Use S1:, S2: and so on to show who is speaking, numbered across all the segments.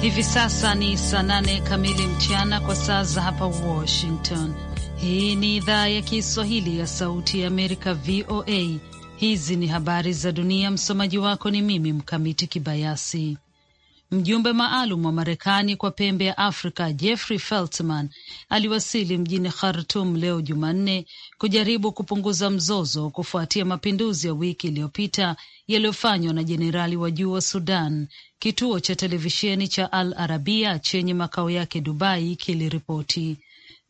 S1: Hivi sasa ni saa nane kamili mchana kwa saa za hapa Washington. Hii ni idhaa ya Kiswahili ya Sauti ya Amerika, VOA. Hizi ni habari za dunia. Msomaji wako ni mimi Mkamiti Kibayasi. Mjumbe maalum wa Marekani kwa pembe ya Afrika Jeffrey Feltman aliwasili mjini Khartum leo Jumanne kujaribu kupunguza mzozo kufuatia mapinduzi ya wiki iliyopita yaliyofanywa na jenerali wa juu wa Sudan, kituo cha televisheni cha Al Arabia chenye makao yake Dubai kiliripoti.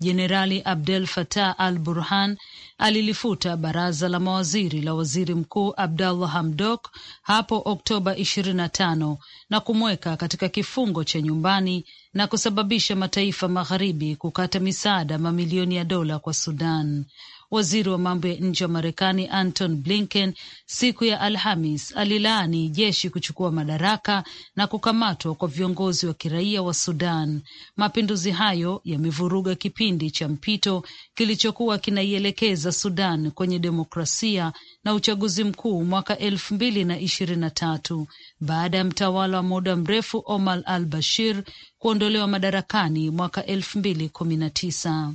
S1: Jenerali Abdel Fattah al Burhan alilifuta baraza la mawaziri la waziri mkuu Abdallah Hamdok hapo Oktoba 25 na kumweka katika kifungo cha nyumbani na kusababisha mataifa magharibi kukata misaada mamilioni ya dola kwa Sudan. Waziri wa mambo ya nje wa Marekani Anton Blinken siku ya Alhamis alilaani jeshi kuchukua madaraka na kukamatwa kwa viongozi wa kiraia wa Sudan. Mapinduzi hayo yamevuruga kipindi cha mpito kilichokuwa kinaielekeza za Sudan kwenye demokrasia na uchaguzi mkuu mwaka elfu mbili na ishirini na tatu baada ya mtawala wa muda mrefu Omar al Bashir kuondolewa madarakani mwaka elfu mbili kumi na tisa.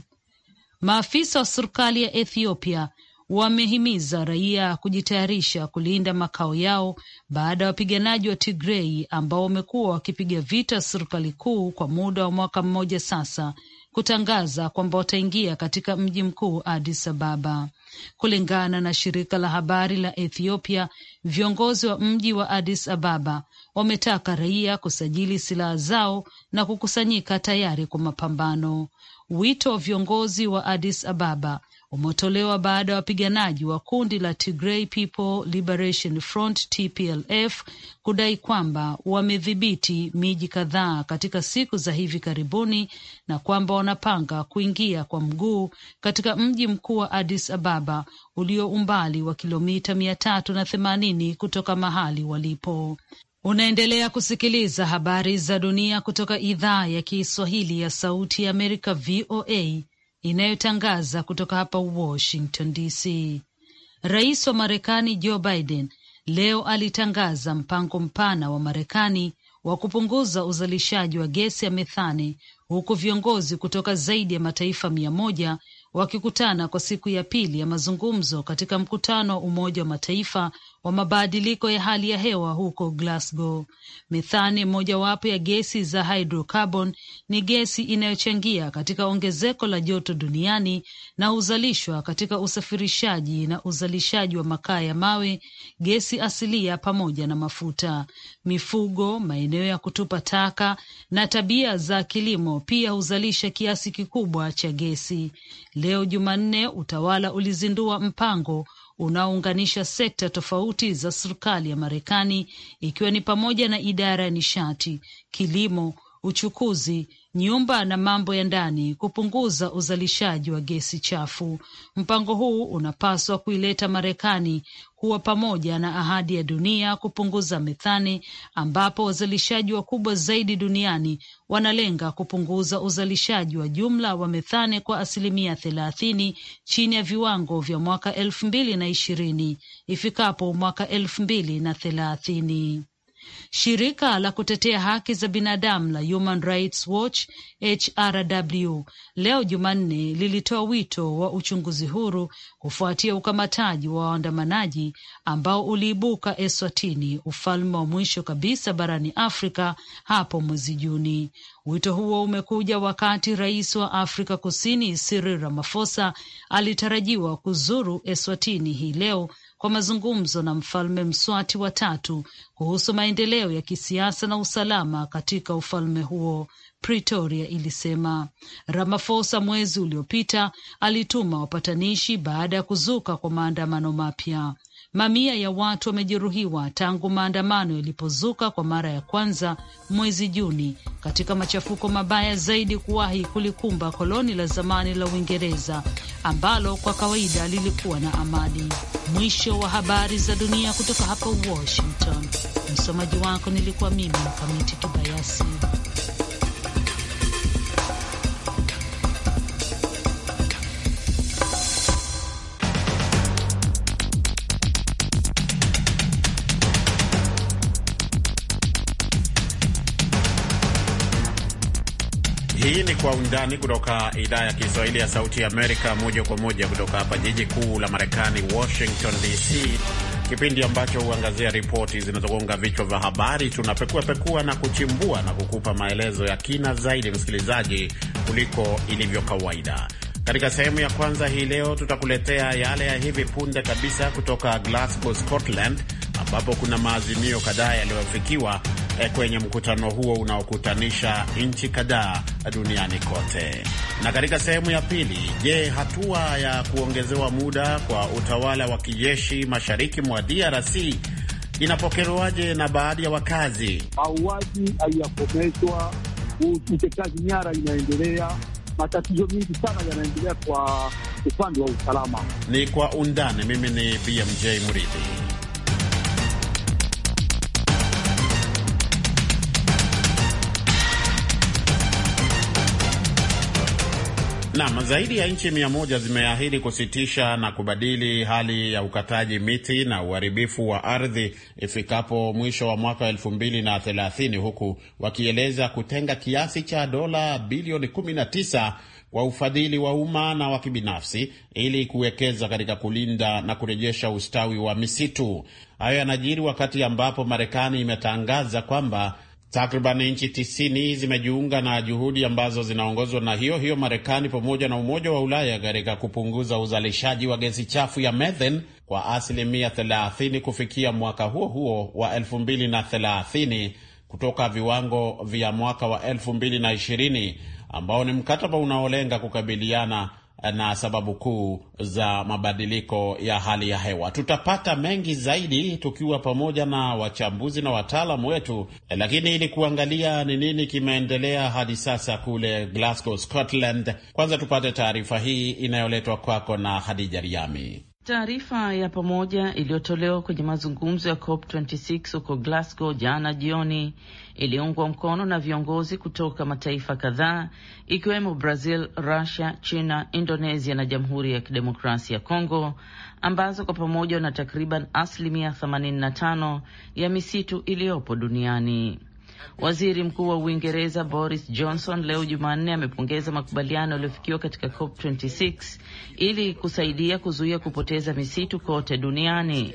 S1: Maafisa wa serikali ya Ethiopia wamehimiza raia kujitayarisha kulinda makao yao baada ya wapiganaji wa Tigrei ambao wamekuwa wakipiga vita serikali kuu kwa muda wa mwaka mmoja sasa kutangaza kwamba wataingia katika mji mkuu Addis Ababa. Kulingana na shirika la habari la Ethiopia, viongozi wa mji wa Addis Ababa wametaka raia kusajili silaha zao na kukusanyika tayari kwa mapambano. Wito wa viongozi wa Addis Ababa umetolewa baada ya wapiganaji wa kundi la Tigray People Liberation Front TPLF kudai kwamba wamedhibiti miji kadhaa katika siku za hivi karibuni na kwamba wanapanga kuingia kwa mguu katika mji mkuu wa Addis Ababa ulio umbali wa kilomita mia tatu na themanini kutoka mahali walipo. Unaendelea kusikiliza habari za dunia kutoka idhaa ya Kiswahili ya Sauti ya Amerika, VOA inayotangaza kutoka hapa Washington DC. Rais wa Marekani Joe Biden leo alitangaza mpango mpana wa Marekani wa kupunguza uzalishaji wa gesi ya methane, huku viongozi kutoka zaidi ya mataifa mia moja wakikutana kwa siku ya pili ya mazungumzo katika mkutano wa Umoja wa Mataifa wa mabadiliko ya hali ya hewa huko Glasgow. Methane, mojawapo ya gesi za hydrocarbon, ni gesi inayochangia katika ongezeko la joto duniani na huzalishwa katika usafirishaji na uzalishaji wa makaa ya mawe, gesi asilia pamoja na mafuta. Mifugo, maeneo ya kutupa taka na tabia za kilimo pia huzalisha kiasi kikubwa cha gesi. Leo Jumanne, utawala ulizindua mpango unaounganisha sekta tofauti za serikali ya Marekani ikiwa ni pamoja na idara ya nishati, kilimo uchukuzi, nyumba na mambo ya ndani kupunguza uzalishaji wa gesi chafu. Mpango huu unapaswa kuileta Marekani kuwa pamoja na ahadi ya dunia kupunguza methani, ambapo wazalishaji wakubwa zaidi duniani wanalenga kupunguza uzalishaji wa jumla wa methane kwa asilimia thelathini chini ya viwango vya mwaka elfu mbili na ishirini ifikapo mwaka elfu mbili na thelathini. Shirika la kutetea haki za binadamu la Human Rights Watch HRW leo Jumanne lilitoa wito wa uchunguzi huru kufuatia ukamataji wa waandamanaji ambao uliibuka Eswatini, ufalme wa mwisho kabisa barani Afrika hapo mwezi Juni. Wito huo umekuja wakati rais wa Afrika Kusini Cyril Ramaphosa alitarajiwa kuzuru Eswatini hii leo kwa mazungumzo na Mfalme Mswati wa tatu kuhusu maendeleo ya kisiasa na usalama katika ufalme huo, Pretoria ilisema. Ramaphosa mwezi uliopita alituma wapatanishi baada ya kuzuka kwa maandamano mapya. Mamia ya watu wamejeruhiwa tangu maandamano yalipozuka kwa mara ya kwanza mwezi Juni katika machafuko mabaya zaidi kuwahi kulikumba koloni la zamani la Uingereza ambalo kwa kawaida lilikuwa na amani. Mwisho wa habari za dunia kutoka hapa Washington. Msomaji wako nilikuwa mimi Mkamiti Kibayasi.
S2: ni Kwa Undani kutoka idhaa ya Kiswahili ya Sauti ya Amerika, moja kwa moja kutoka hapa jiji kuu la Marekani, Washington DC, kipindi ambacho huangazia ripoti zinazogonga vichwa vya habari. Tunapekuapekua na kuchimbua na kukupa maelezo ya kina zaidi, msikilizaji, kuliko ilivyo kawaida. Katika sehemu ya kwanza hii leo, tutakuletea yale ya hivi punde kabisa kutoka Glasgow, Scotland, ambapo kuna maazimio kadhaa yaliyofikiwa Eh, kwenye mkutano huo unaokutanisha nchi kadhaa duniani kote. Na katika sehemu ya pili, je, hatua ya kuongezewa muda kwa utawala wa kijeshi mashariki mwa DRC inapokelewaje na baadhi ya wakazi?
S3: Mauaji haiyakomeshwa, utekaji nyara inaendelea, matatizo mingi sana yanaendelea kwa upande wa usalama.
S2: Ni kwa undani. Mimi ni BMJ Mridhi. Nam, zaidi ya nchi mia moja zimeahidi kusitisha na kubadili hali ya ukataji miti na uharibifu wa ardhi ifikapo mwisho wa mwaka elfu mbili na thelathini huku wakieleza kutenga kiasi cha dola bilioni tisa kwa ufadhili wa umma na wa kibinafsi ili kuwekeza katika kulinda na kurejesha ustawi wa misitu. Hayo yanajiri wakati ambapo Marekani imetangaza kwamba Takriban nchi tisini zimejiunga na juhudi ambazo zinaongozwa na hiyo hiyo Marekani pamoja na Umoja wa Ulaya katika kupunguza uzalishaji wa gesi chafu ya methane kwa asilimia 30 kufikia mwaka huo huo wa 2030 kutoka viwango vya mwaka wa 2020 ambao ni mkataba unaolenga kukabiliana na sababu kuu za mabadiliko ya hali ya hewa. Tutapata mengi zaidi tukiwa pamoja na wachambuzi na wataalamu wetu, lakini ili kuangalia ni nini kimeendelea hadi sasa kule Glasgow, Scotland, kwanza tupate taarifa hii inayoletwa kwako na Hadija Riami.
S4: Taarifa ya pamoja iliyotolewa kwenye mazungumzo ya COP 26 huko Glasgow jana jioni iliungwa mkono na viongozi kutoka mataifa kadhaa ikiwemo Brazil, Russia, China, Indonesia na Jamhuri ya Kidemokrasia ya Kongo ambazo kwa pamoja na takriban asilimia 85 ya misitu iliyopo duniani. Waziri Mkuu wa Uingereza Boris Johnson leo Jumanne amepongeza makubaliano yaliyofikiwa katika COP26 ili kusaidia kuzuia kupoteza misitu kote duniani.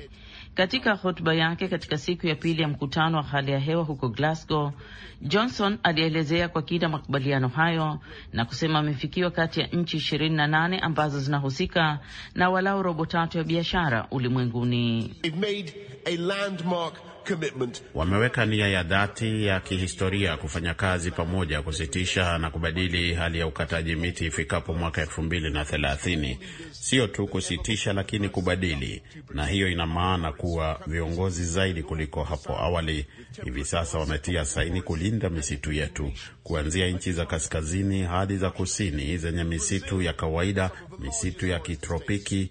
S4: Katika hotuba yake katika siku ya pili ya mkutano wa hali ya hewa huko Glasgow, Johnson alielezea kwa kina makubaliano hayo na kusema amefikiwa kati ya nchi 28 ambazo zinahusika na walau robo tatu ya biashara ulimwenguni.
S2: Wameweka nia ya dhati ya kihistoria kufanya kazi pamoja kusitisha na kubadili hali ya ukataji miti ifikapo mwaka elfu mbili na thelathini. Sio tu kusitisha, lakini kubadili, na hiyo ina maana kuwa viongozi zaidi kuliko hapo awali hivi sasa wametia saini kulinda misitu yetu, kuanzia nchi za kaskazini hadi za kusini zenye misitu ya kawaida, misitu ya kitropiki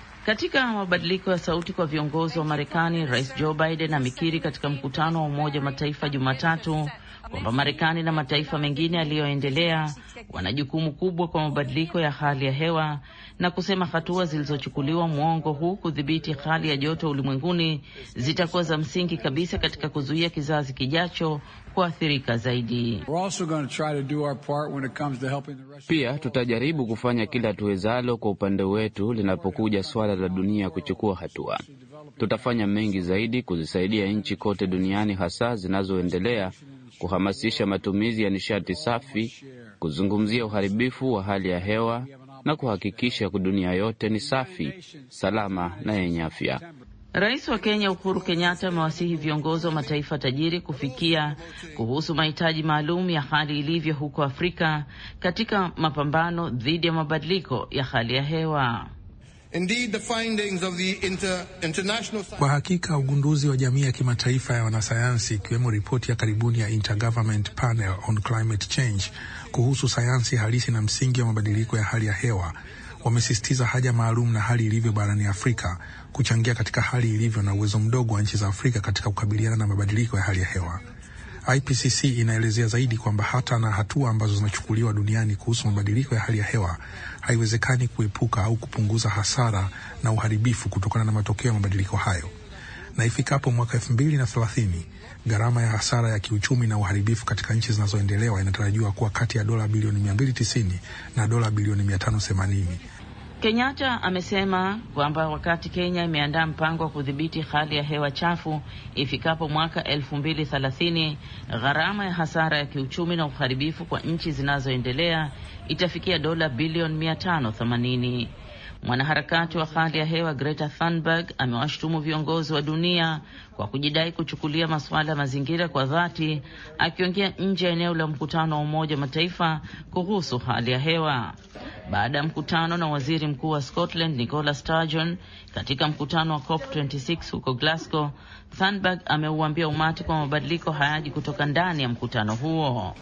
S4: Katika mabadiliko ya sauti kwa viongozi wa Marekani, Rais Joe Biden amekiri katika mkutano wa Umoja wa Mataifa Jumatatu kwamba Marekani na mataifa mengine yaliyoendelea wana jukumu kubwa kwa mabadiliko ya hali ya hewa na kusema hatua zilizochukuliwa mwongo huu kudhibiti hali ya joto ulimwenguni zitakuwa za msingi kabisa katika kuzuia kizazi kijacho kuathirika zaidi.
S5: Pia tutajaribu kufanya kila tuwezalo kwa upande wetu linapokuja swala la dunia kuchukua hatua. Tutafanya mengi zaidi kuzisaidia nchi kote duniani, hasa zinazoendelea, kuhamasisha matumizi ya nishati safi, kuzungumzia uharibifu wa hali ya hewa na kuhakikisha dunia yote ni safi, salama na yenye afya.
S4: Rais wa Kenya Uhuru Kenyatta amewasihi viongozi wa mataifa tajiri kufikia kuhusu mahitaji maalum ya hali ilivyo huko Afrika katika mapambano dhidi ya mabadiliko ya hali ya hewa.
S5: Indeed, the findings of the inter, international...
S6: Kwa hakika ugunduzi wa jamii ya kimataifa ya wanasayansi ikiwemo ripoti ya karibuni ya Intergovernment Panel on Climate Change kuhusu sayansi halisi na msingi wa mabadiliko ya hali ya hewa wamesisitiza haja maalum na hali ilivyo barani Afrika kuchangia katika hali ilivyo na uwezo mdogo wa nchi za Afrika katika kukabiliana na mabadiliko ya hali ya hewa. IPCC inaelezea zaidi kwamba hata na hatua ambazo zinachukuliwa duniani kuhusu mabadiliko ya hali ya hewa haiwezekani kuepuka au kupunguza hasara na uharibifu kutokana na matokeo ya mabadiliko hayo, na ifikapo mwaka elfu mbili na thelathini Gharama ya hasara ya kiuchumi na uharibifu katika nchi zinazoendelewa inatarajiwa kuwa kati ya dola bilioni 290 na dola bilioni 580.
S4: Kenyatta amesema kwamba wakati Kenya imeandaa mpango wa kudhibiti hali ya hewa chafu ifikapo mwaka 2030, gharama ya hasara ya kiuchumi na uharibifu kwa nchi zinazoendelea itafikia dola bilioni 580. Mwanaharakati wa hali ya hewa Greta Thunberg amewashutumu viongozi wa dunia kwa kujidai kuchukulia masuala ya mazingira kwa dhati, akiongea nje ya eneo la mkutano wa Umoja wa Mataifa kuhusu hali ya hewa baada ya mkutano na waziri mkuu wa Scotland Nicola Sturgeon katika mkutano wa COP26 huko Glasgow. Thunberg ameuambia umati kwa mabadiliko hayaji kutoka ndani ya mkutano huo.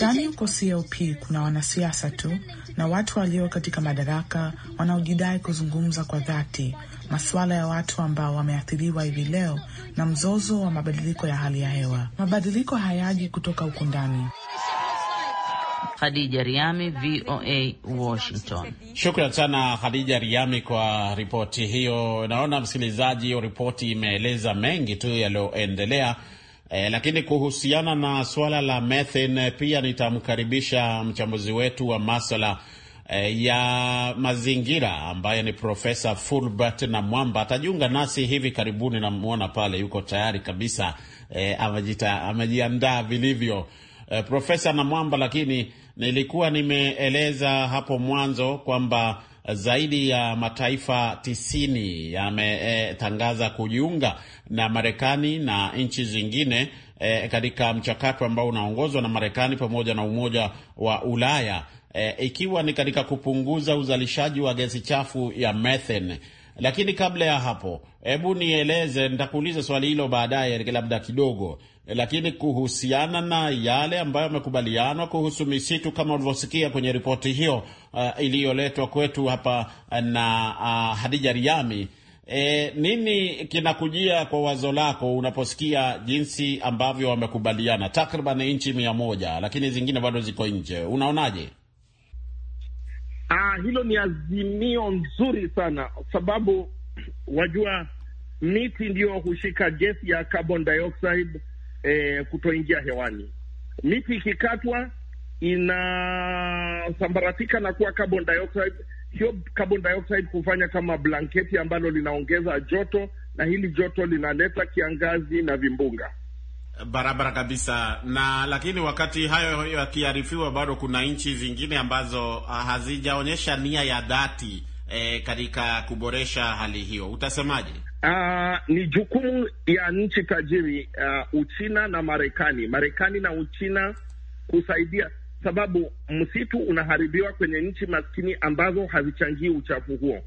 S1: Ndani huko COP kuna wanasiasa tu na watu walio katika madaraka wanaojidai kuzungumza kwa dhati masuala ya watu ambao wameathiriwa hivi leo na mzozo wa mabadiliko ya hali ya hewa. Mabadiliko hayaji kutoka huko ndani.
S4: Khadija Riami, VOA Washington.
S2: Shukran sana Khadija Riami kwa ripoti hiyo. Naona msikilizaji, hiyo ripoti imeeleza mengi tu yaliyoendelea. E, lakini kuhusiana na suala la methane pia nitamkaribisha mchambuzi wetu wa maswala e, ya mazingira ambaye ni Profesa Fulbert na Mwamba atajiunga nasi hivi karibuni. Namwona pale yuko tayari kabisa e, amejiandaa vilivyo e, Profesa na Mwamba, lakini Nilikuwa nimeeleza hapo mwanzo kwamba zaidi ya mataifa tisini yametangaza e, kujiunga na Marekani na nchi zingine e, katika mchakato ambao unaongozwa na Marekani pamoja na Umoja wa Ulaya e, ikiwa ni katika kupunguza uzalishaji wa gesi chafu ya methane. Lakini kabla ya hapo, hebu nieleze, nitakuuliza swali hilo baadaye labda kidogo. Eh, lakini kuhusiana na yale ambayo yamekubalianwa kuhusu misitu, kama ulivyosikia kwenye ripoti hiyo uh, iliyoletwa kwetu hapa eh, na uh, Hadija Riami, e, nini kinakujia kwa wazo lako unaposikia jinsi ambavyo wamekubaliana takriban nchi mia moja, lakini zingine bado ziko nje, unaonaje?
S6: Ah, hilo ni azimio nzuri sana sababu wajua miti ndiyo hushika gesi ya carbon dioxide e, kutoingia hewani. Miti ikikatwa inasambaratika na kuwa carbon dioxide. Hiyo carbon dioxide kama blanketi ambalo linaongeza joto, na hili joto linaleta kiangazi na vimbunga.
S2: Barabara kabisa. Na lakini wakati hayo yakiharifiwa, bado kuna nchi zingine ambazo ah, hazijaonyesha nia ya dhati e, katika kuboresha hali hiyo, utasemaje?
S6: Uh, ni jukumu ya nchi tajiri uh, Uchina na Marekani, Marekani na Uchina kusaidia, sababu msitu unaharibiwa kwenye nchi maskini ambazo hazichangii uchafu huo.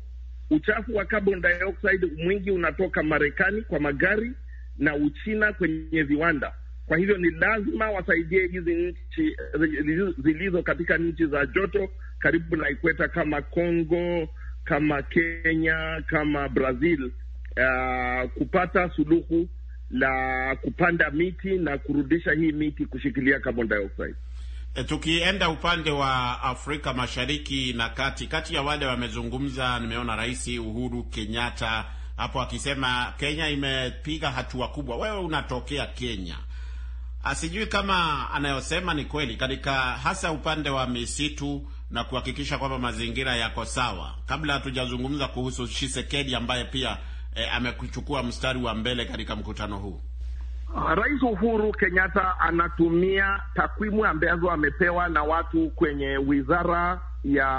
S6: Uchafu wa carbon dioxide mwingi unatoka Marekani kwa magari na Uchina kwenye viwanda. Kwa hivyo ni lazima wasaidie hizi nchi zilizo katika nchi za joto karibu na ikweta kama Congo, kama Kenya, kama Brazil uh, kupata suluhu la kupanda miti na kurudisha hii miti kushikilia carbon dioxide.
S2: E, tukienda upande wa Afrika Mashariki na kati, kati ya wale wamezungumza, nimeona Rais Uhuru Kenyatta hapo akisema Kenya imepiga hatua kubwa. Wewe unatokea Kenya, asijui ah, kama anayosema ni kweli, katika hasa upande wa misitu na kuhakikisha kwamba mazingira yako sawa, kabla hatujazungumza kuhusu Tshisekedi ambaye pia eh, amekuchukua mstari wa mbele katika mkutano huu?
S6: Rais Uhuru Kenyatta anatumia takwimu ambazo amepewa na watu kwenye wizara ya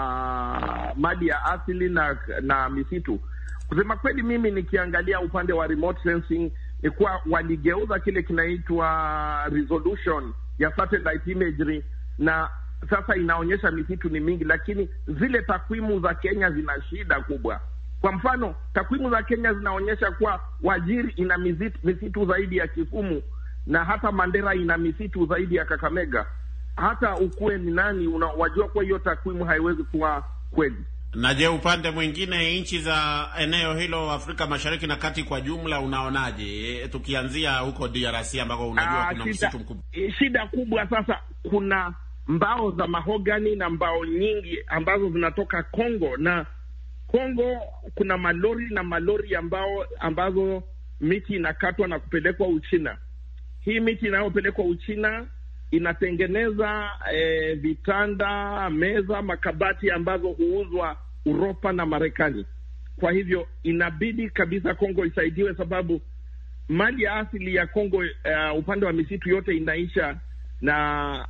S6: mali ya asili na, na misitu. Kusema kweli, mimi nikiangalia upande wa remote sensing ni kuwa waligeuza kile kinaitwa resolution ya satellite imagery, na sasa inaonyesha misitu ni mingi, lakini zile takwimu za Kenya zina shida kubwa. Kwa mfano, takwimu za Kenya zinaonyesha kuwa Wajiri ina misitu zaidi ya Kisumu na hata Mandera ina misitu
S2: zaidi ya Kakamega. Hata ukuwe ni nani, wajua kuwa hiyo takwimu haiwezi kuwa kweli. Na je, upande mwingine nchi za eneo hilo Afrika Mashariki na Kati kwa jumla unaonaje, e, tukianzia huko DRC ambako unajua ah, kuna msitu mkubwa?
S1: Eh,
S6: shida kubwa sasa, kuna mbao za mahogani na mbao nyingi ambazo zinatoka Kongo na Kongo kuna malori na malori ambao ambazo miti inakatwa na kupelekwa Uchina. Hii miti inayopelekwa Uchina inatengeneza eh, vitanda, meza, makabati ambazo huuzwa Uropa na Marekani. Kwa hivyo inabidi kabisa Kongo isaidiwe, sababu mali ya asili ya Kongo uh, upande wa misitu yote inaisha, na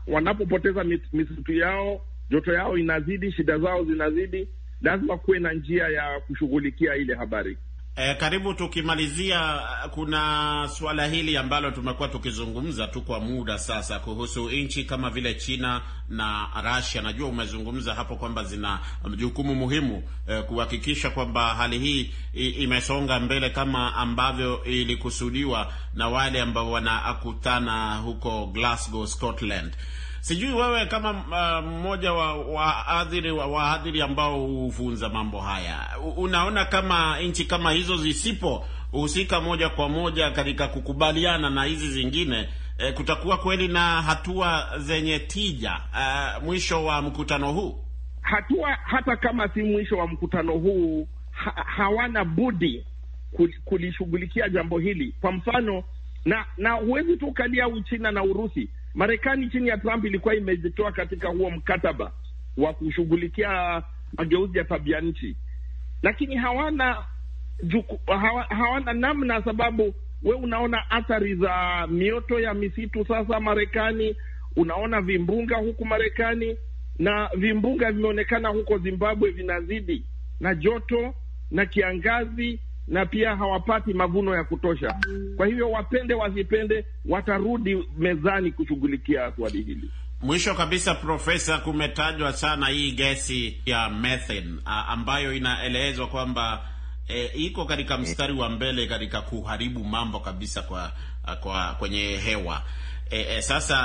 S6: wanapopoteza misitu yao, joto yao inazidi, shida zao
S2: zinazidi lazima kuwe
S6: na njia ya kushughulikia ile habari.
S2: E, karibu tukimalizia, eh, kuna suala hili ambalo tumekuwa tukizungumza tu kwa muda sasa kuhusu nchi kama vile China na Russia. Najua umezungumza hapo kwamba zina jukumu muhimu e, kuhakikisha kwamba hali hii imesonga mbele kama ambavyo ilikusudiwa na wale ambao wanakutana huko Glasgow, Scotland. Sijui wewe kama uh, mmoja uh, wa waadhiri wa, wa ambao hufunza mambo haya, unaona kama nchi kama hizo zisipo husika moja kwa moja katika kukubaliana na hizi zingine eh, kutakuwa kweli na hatua zenye tija uh, mwisho wa mkutano huu? Hatua
S6: hata kama si mwisho wa mkutano huu ha, hawana budi kulishughulikia jambo hili. Kwa mfano na na huwezi tu ukalia Uchina na Urusi Marekani chini ya Trump ilikuwa imejitoa katika huo mkataba wa kushughulikia mageuzi ya tabia nchi, lakini hawana juku, hawa, hawana namna, sababu we unaona athari za mioto ya misitu sasa Marekani, unaona vimbunga huku Marekani na vimbunga vimeonekana huko Zimbabwe vinazidi na joto na kiangazi na pia hawapati mavuno ya kutosha. Kwa hivyo wapende wasipende, watarudi mezani kushughulikia swali hili.
S2: Mwisho kabisa, Profesa, kumetajwa sana hii gesi ya methane ambayo inaelezwa kwamba e, iko katika mstari wa mbele katika kuharibu mambo kabisa kwa, kwa kwenye hewa e, e, sasa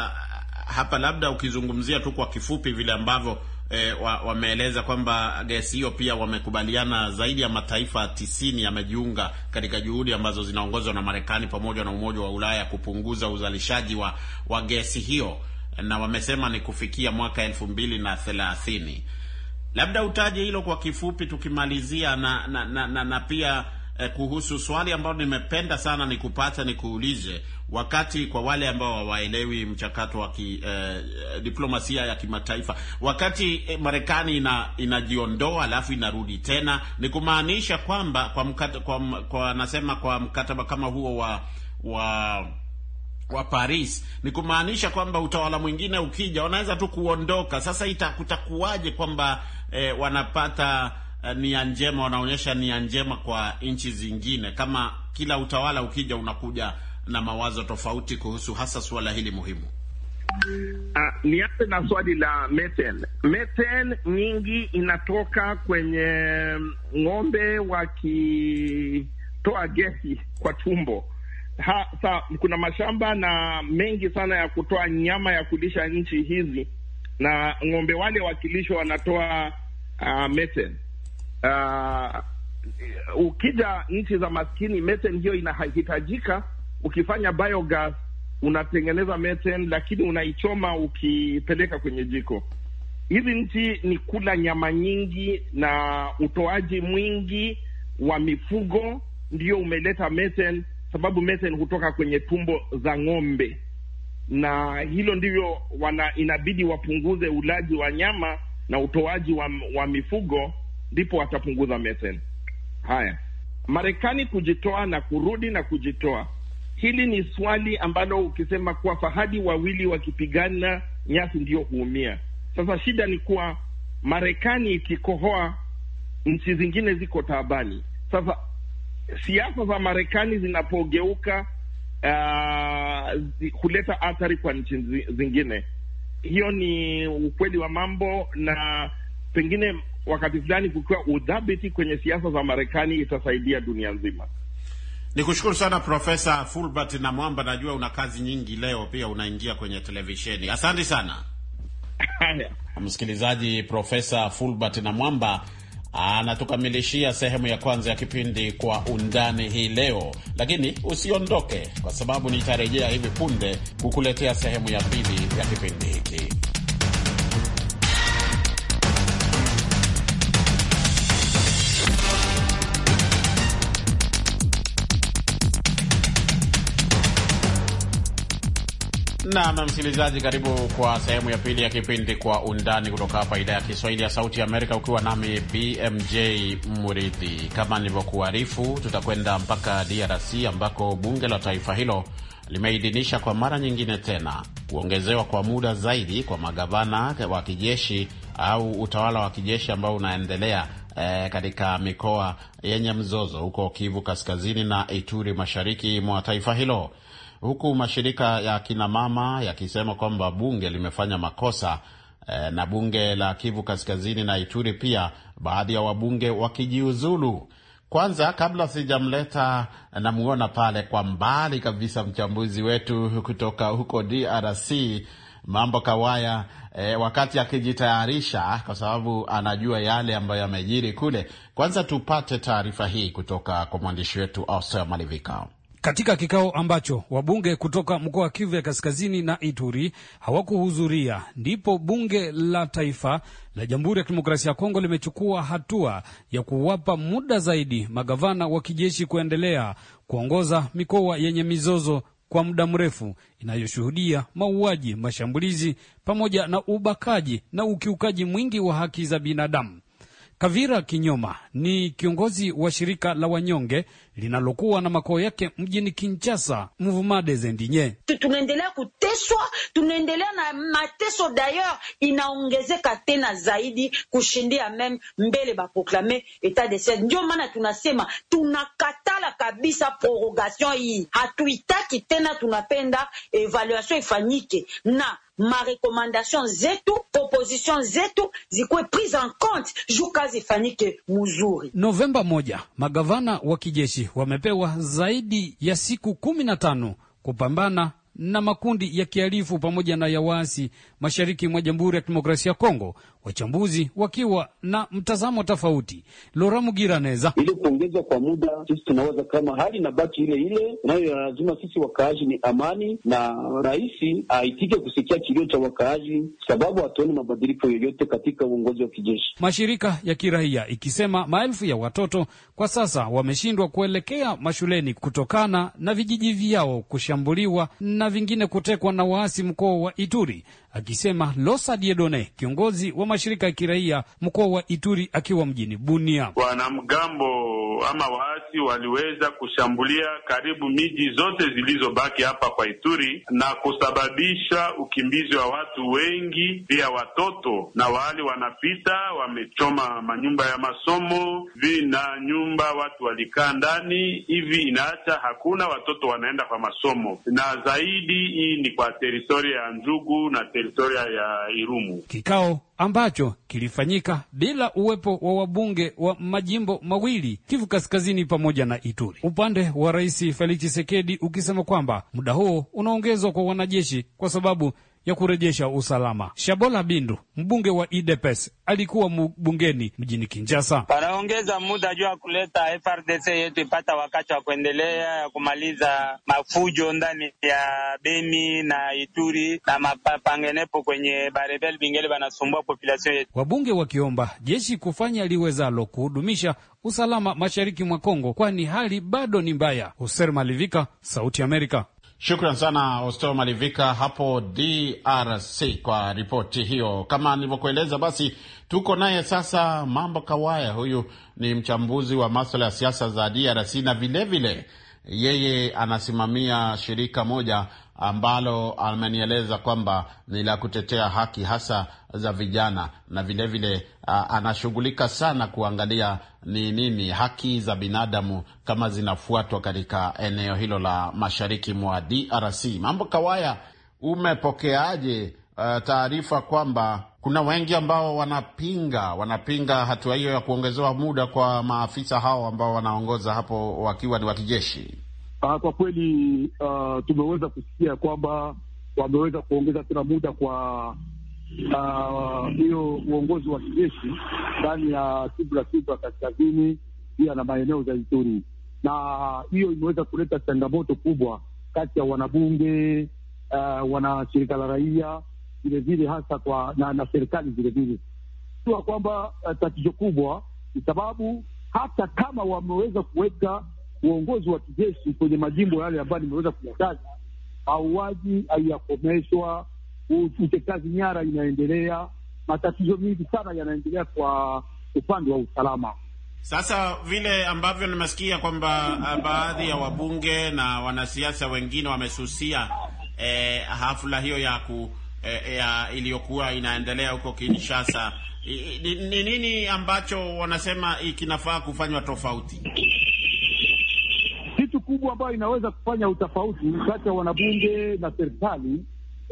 S2: hapa labda ukizungumzia tu kwa kifupi vile ambavyo e, wameeleza kwamba gesi hiyo pia wamekubaliana zaidi ya mataifa tisini yamejiunga katika juhudi ambazo zinaongozwa na Marekani pamoja na Umoja wa Ulaya kupunguza uzalishaji wa, wa gesi hiyo na wamesema ni kufikia mwaka elfu mbili na thelathini. Labda utaje hilo kwa kifupi tukimalizia na, na, na, na, na pia eh, kuhusu swali ambalo nimependa sana nikupata nikuulize, wakati kwa wale ambao hawaelewi mchakato wa ki, eh, eh diplomasia ya kimataifa, wakati eh, Marekani ina, inajiondoa alafu inarudi tena, ni kumaanisha kwamba kwa mkata, kwa, kwa nasema kwa mkataba kama huo wa wa wa Paris ni kumaanisha kwamba utawala mwingine ukija wanaweza tu kuondoka. Sasa itakutakuwaje kwamba eh, wanapata Eh, nia njema, wanaonyesha nia njema kwa nchi zingine, kama kila utawala ukija unakuja na mawazo tofauti kuhusu hasa suala hili muhimu. Uh, nianze na swali la methane.
S6: Methane nyingi inatoka kwenye mm, ng'ombe wakitoa gesi kwa tumbo. Ha, sa, kuna mashamba na mengi sana ya kutoa nyama ya kulisha nchi hizi, na ng'ombe wale wakilishwa wanatoa uh, methane. Uh, ukija nchi za maskini methane hiyo inahitajika. Ukifanya biogas unatengeneza methane, lakini unaichoma ukipeleka kwenye jiko. Hizi nchi ni kula nyama nyingi na utoaji mwingi wa mifugo ndio umeleta methane, sababu methane hutoka kwenye tumbo za ng'ombe, na hilo ndivyo wana inabidi wapunguze ulaji wa nyama na utoaji wa, wa mifugo ndipo watapunguza methane. Haya, Marekani kujitoa na kurudi na kujitoa, hili ni swali ambalo ukisema kuwa fahadi wawili wakipigana nyasi ndiyo huumia. Sasa shida ni kuwa Marekani ikikohoa, nchi zingine ziko taabani. Sasa siasa za Marekani zinapogeuka kuleta athari kwa nchi zingine. Hiyo ni ukweli wa mambo, na pengine wakati fulani kukiwa udhabiti kwenye siasa za Marekani itasaidia dunia nzima.
S2: Ni kushukuru sana Profesa Fulbert na Mwamba, najua una kazi nyingi leo, pia unaingia kwenye televisheni. Asante sana. Msikilizaji, Profesa Fulbert na Mwamba anatukamilishia sehemu ya kwanza ya kipindi Kwa Undani hii leo, lakini usiondoke, kwa sababu nitarejea hivi punde kukuletea sehemu ya pili ya kipindi hiki. Nam msikilizaji, karibu kwa sehemu ya pili ya kipindi Kwa Undani kutoka hapa idhaa ya Kiswahili ya Sauti Amerika, ukiwa nami BMJ Muridhi. Kama nilivyokuarifu, tutakwenda mpaka DRC ambako bunge la taifa hilo limeidhinisha kwa mara nyingine tena kuongezewa kwa muda zaidi kwa magavana wa kijeshi au utawala wa kijeshi ambao unaendelea E, katika mikoa yenye mzozo huko Kivu Kaskazini na Ituri mashariki mwa taifa hilo huku mashirika ya kinamama yakisema kwamba bunge limefanya makosa eh, na bunge la Kivu Kaskazini na Ituri pia baadhi ya wabunge wakijiuzulu. Kwanza, kabla sijamleta, eh, namuona pale kwa mbali kabisa mchambuzi wetu kutoka huko DRC Mambo Kawaya e, wakati akijitayarisha kwa sababu anajua yale ambayo yamejiri kule. Kwanza tupate taarifa hii kutoka kwa mwandishi wetu Auster
S5: Malivika. Katika kikao ambacho wabunge kutoka mkoa wa Kivu ya Kaskazini na Ituri hawakuhudhuria, ndipo bunge la taifa la Jamhuri ya Kidemokrasia ya Kongo limechukua hatua ya kuwapa muda zaidi magavana wa kijeshi kuendelea kuongoza mikoa yenye mizozo kwa muda mrefu inayoshuhudia mauaji, mashambulizi pamoja na ubakaji na ukiukaji mwingi wa haki za binadamu. Kavira Kinyoma ni kiongozi wa shirika la wanyonge linalokuwa na makao yake mjini Kinshasa. Mvumade Zendinye:
S4: tunaendelea kuteswa, tunaendelea na mateso dayor, inaongezeka tena zaidi kushindia meme mbele baproklame etat de siege. Ndio maana tunasema tunakatala kabisa prorogation hii, hatuitaki tena, tunapenda evaluation ifanyike na marekomandation zetu proposition zetu zikuwe prise en compte juu kazi ifanyike mzuri. Novemba moja,
S5: magavana wa kijeshi wamepewa zaidi ya siku kumi na tano kupambana na makundi ya kihalifu pamoja na ya waasi mashariki mwa Jamhuri ya Kidemokrasia ya Kongo wachambuzi wakiwa na mtazamo tofauti. Lora neza ili kuongezwa kwa muda, sisi tunawaza kama hali na baki ile ile, lazima sisi wakaaji ni amani, na rais aitike kusikia
S3: kilio cha wakaaji, sababu hatuoni mabadiliko yoyote katika uongozi wa kijeshi.
S5: Mashirika ya kiraia ikisema maelfu ya watoto kwa sasa wameshindwa kuelekea mashuleni kutokana na vijiji vyao kushambuliwa na vingine kutekwa na waasi mkoa wa Ituri akisema Losa Diedone, kiongozi wa mashirika ya kiraia mkoa wa Ituri, akiwa mjini Bunia.
S6: Wanamgambo ama waasi waliweza kushambulia karibu miji zote zilizobaki hapa kwa Ituri na kusababisha ukimbizi wa watu wengi, pia watoto na wali wanapita, wamechoma manyumba ya masomo vina nyumba, watu walikaa ndani hivi, inaacha hakuna watoto wanaenda kwa masomo, na zaidi hii ni kwa teritoria ya Njugu na teritoria ya Irumu,
S5: kikao ambacho kilifanyika bila uwepo wa wabunge wa majimbo mawili Kivu Kaskazini pamoja na Ituri, upande wa Rais Felix chisekedi ukisema kwamba muda huo unaongezwa kwa wanajeshi kwa sababu ya kurejesha usalama. Shabola Bindu, mbunge wa UDPS, alikuwa bungeni mjini Kinshasa. Wanaongeza muda juu ya kuleta FRDC yetu ipata wakati wa kuendelea ya kumaliza mafujo ndani ya Beni na Ituri na mapangenepo kwenye barebel bingeli banasumbua populasion yetu. Wabunge wakiomba jeshi kufanya liwezalo kuhudumisha usalama mashariki mwa Kongo, kwani hali bado ni mbaya. Hoser Malivika, Sauti Amerika. Shukran sana Osto Malivika hapo
S2: DRC kwa ripoti hiyo. Kama nilivyokueleza, basi tuko naye sasa Mambo Kawaya. Huyu ni mchambuzi wa maswala ya siasa za DRC na vilevile vile, yeye anasimamia shirika moja ambalo amenieleza kwamba ni la kutetea haki hasa za vijana na vilevile vile, uh, anashughulika sana kuangalia ni nini haki za binadamu kama zinafuatwa katika eneo hilo la mashariki mwa DRC. Mambo Kawaya, umepokeaje uh, taarifa kwamba kuna wengi ambao wanapinga wanapinga hatua hiyo ya kuongezewa muda kwa maafisa hao ambao wanaongoza hapo wakiwa ni wa kijeshi?
S3: Uh, kwa kweli uh, tumeweza kusikia kwamba wameweza kuongeza tena muda kwa ah, hiyo uh, uongozi wa kijeshi ndani ya Kivu la Kivu ya kaskazini pia na maeneo za Ituri, na hiyo imeweza kuleta changamoto kubwa kati ya wanabunge uh, wanashirika la raia vilevile, hasa kwa na, na serikali vilevile, ikiwa kwamba uh, tatizo kubwa ni sababu hata kama wameweza kuweka uongozi wa kijeshi kwenye majimbo yale ambayo nimeweza kuyataja, mauaji haiyakomeshwa, utekaji nyara inaendelea, matatizo mengi sana yanaendelea kwa upande wa usalama.
S2: Sasa vile ambavyo nimesikia kwamba eh, baadhi ya wabunge na wanasiasa wengine wamesusia eh, hafla hiyo ya ku E, ya iliyokuwa inaendelea huko Kinshasa, ni nini ambacho wanasema kinafaa kufanywa tofauti?
S3: sababu ambayo inaweza kufanya utofauti kati ya wanabunge na serikali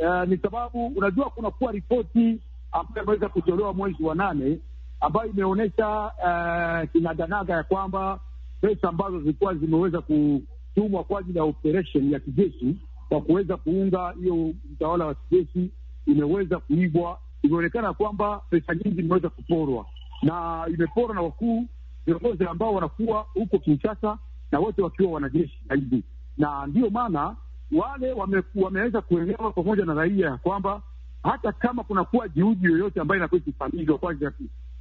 S3: uh, ni sababu unajua, kunakuwa ripoti ambayo imeweza kutolewa mwezi wa nane ambayo imeonyesha uh, eh, kinaganaga ya kwamba pesa ambazo zilikuwa zimeweza kutumwa kwa ajili ya operation ya kijeshi kwa kuweza kuunga hiyo utawala wa kijeshi imeweza kuibwa. Imeonekana kwamba pesa nyingi imeweza kuporwa na imeporwa na wakuu viongozi ambao wanakuwa huko Kinshasa na wote wakiwa wanajeshi zaidi, na ndiyo maana wale wame, wameweza kuelewa pamoja na raia ya kwamba hata kama kunakuwa juhudi yoyote ambayo inakuwa ikifanyika kwa ajili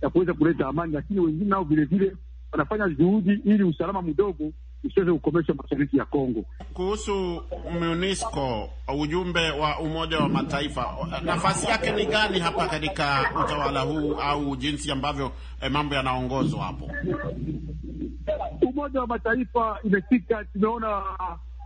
S3: ya kuweza kuleta amani,
S2: lakini wengine nao vilevile wanafanya juhudi ili usalama mdogo usiweze kukomeshwa mashariki ya Kongo. Kuhusu MONUSCO, ujumbe wa Umoja wa Mataifa, nafasi yake ni gani hapa katika utawala huu au jinsi ambavyo eh, mambo yanaongozwa hapo?
S3: Umoja wa Mataifa imefika, tumeona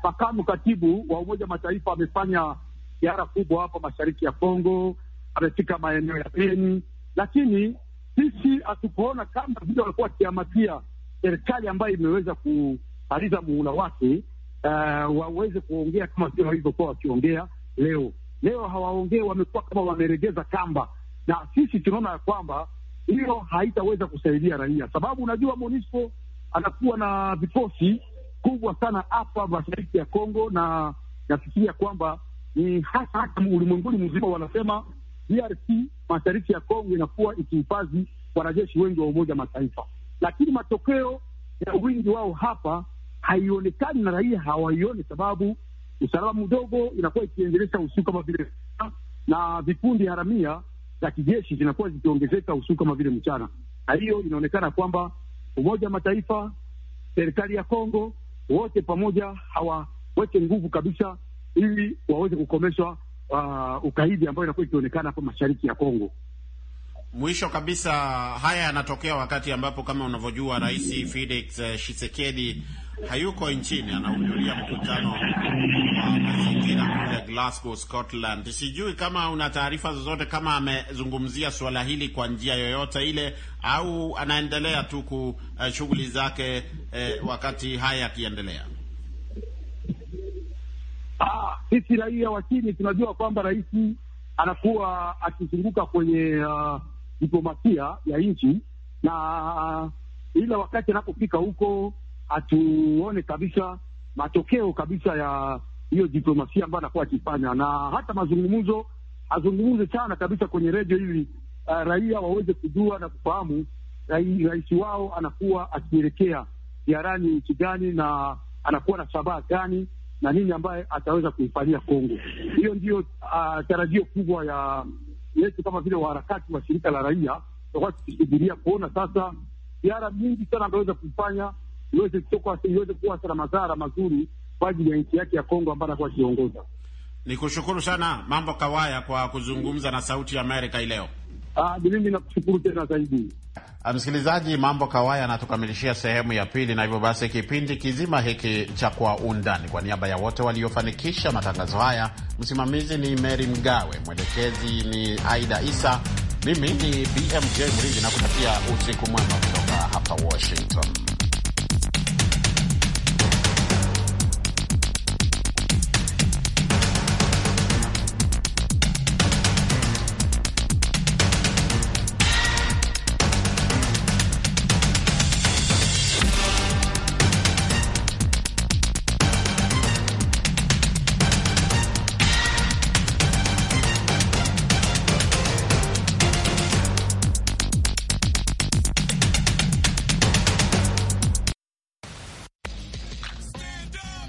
S3: makamu katibu wa Umoja wa Mataifa amefanya ziara kubwa hapa mashariki ya Kongo, amefika maeneo ya Beni, lakini sisi hatukuona kama vile walikuwa wakiamatia serikali ambayo imeweza kumaliza muhula wake uh, waweze kuongea kama vile walivyokuwa wakiongea leo. Leo hawaongee, wamekuwa kama wameregeza kamba, na sisi tunaona ya kwamba hiyo haitaweza kusaidia raia, sababu unajua MONUSCO atakuwa na vikosi kubwa sana hapa mashariki ya Kongo, na nafikiria kwamba ni hasa hata ulimwenguni mzima wanasema DRC mashariki ya Kongo inakuwa ikihifadhi wanajeshi wengi wa Umoja Mataifa, lakini matokeo ya wingi wao hapa haionekani na raia hawaioni, sababu usalama mdogo inakuwa ikiendelesha usiku kama vile na vikundi haramia za kijeshi zinakuwa zikiongezeka usiku kama vile mchana, na hiyo inaonekana kwamba Umoja wa Mataifa, serikali ya Kongo, wote pamoja hawaweke nguvu kabisa ili waweze kukomeshwa uh, ukaidi ambayo inakuwa ikionekana hapa mashariki ya Kongo.
S2: Mwisho kabisa, haya yanatokea wakati ambapo kama unavyojua Rais Felix eh, Tshisekedi hayuko nchini, anahudhuria mkutano wa Glasgow, Scotland. Sijui kama una taarifa zozote kama amezungumzia suala hili kwa njia yoyote ile au anaendelea tu ku eh, shughuli zake uh, wakati haya yakiendelea. Ah,
S3: sisi raia wa chini tunajua kwamba rais anakuwa akizunguka kwenye uh, diplomasia ya nchi na uh, ila wakati anapofika huko hatuone kabisa matokeo kabisa ya hiyo diplomasia ambayo anakuwa akifanya, na hata mazungumzo azungumze sana kabisa kwenye redio hivi, uh, raia waweze kujua na kufahamu rais wao anakuwa akielekea ziarani nchi gani na anakuwa na shabaha gani na nini ambaye ataweza kuifanyia Kongo. Hiyo ndiyo uh, tarajio kubwa ya yetu kama vile waharakati wa shirika la raia, tutakuwa tukisubiria kuona sasa ziara nyingi sana ameweza kuifanya iweze kuwa na madhara mazuri kwa ajili ya nchi yake ya Kongo ambayo anakuwa akiongoza.
S2: Ni kushukuru sana Mambo Kawaya kwa kuzungumza na Sauti ya Amerika hii leo. Ah, mimi nakushukuru tena zaidi. Ah, msikilizaji, Mambo Kawaya anatukamilishia sehemu ya pili, na hivyo basi kipindi kizima hiki cha Kwa Undani, kwa niaba ya wote waliofanikisha matangazo haya, msimamizi ni Mary Mgawe, mwelekezi ni Aida Isa, mimi ni BMJ Mridhi na kutakia usiku mwema kutoka hapa Washington.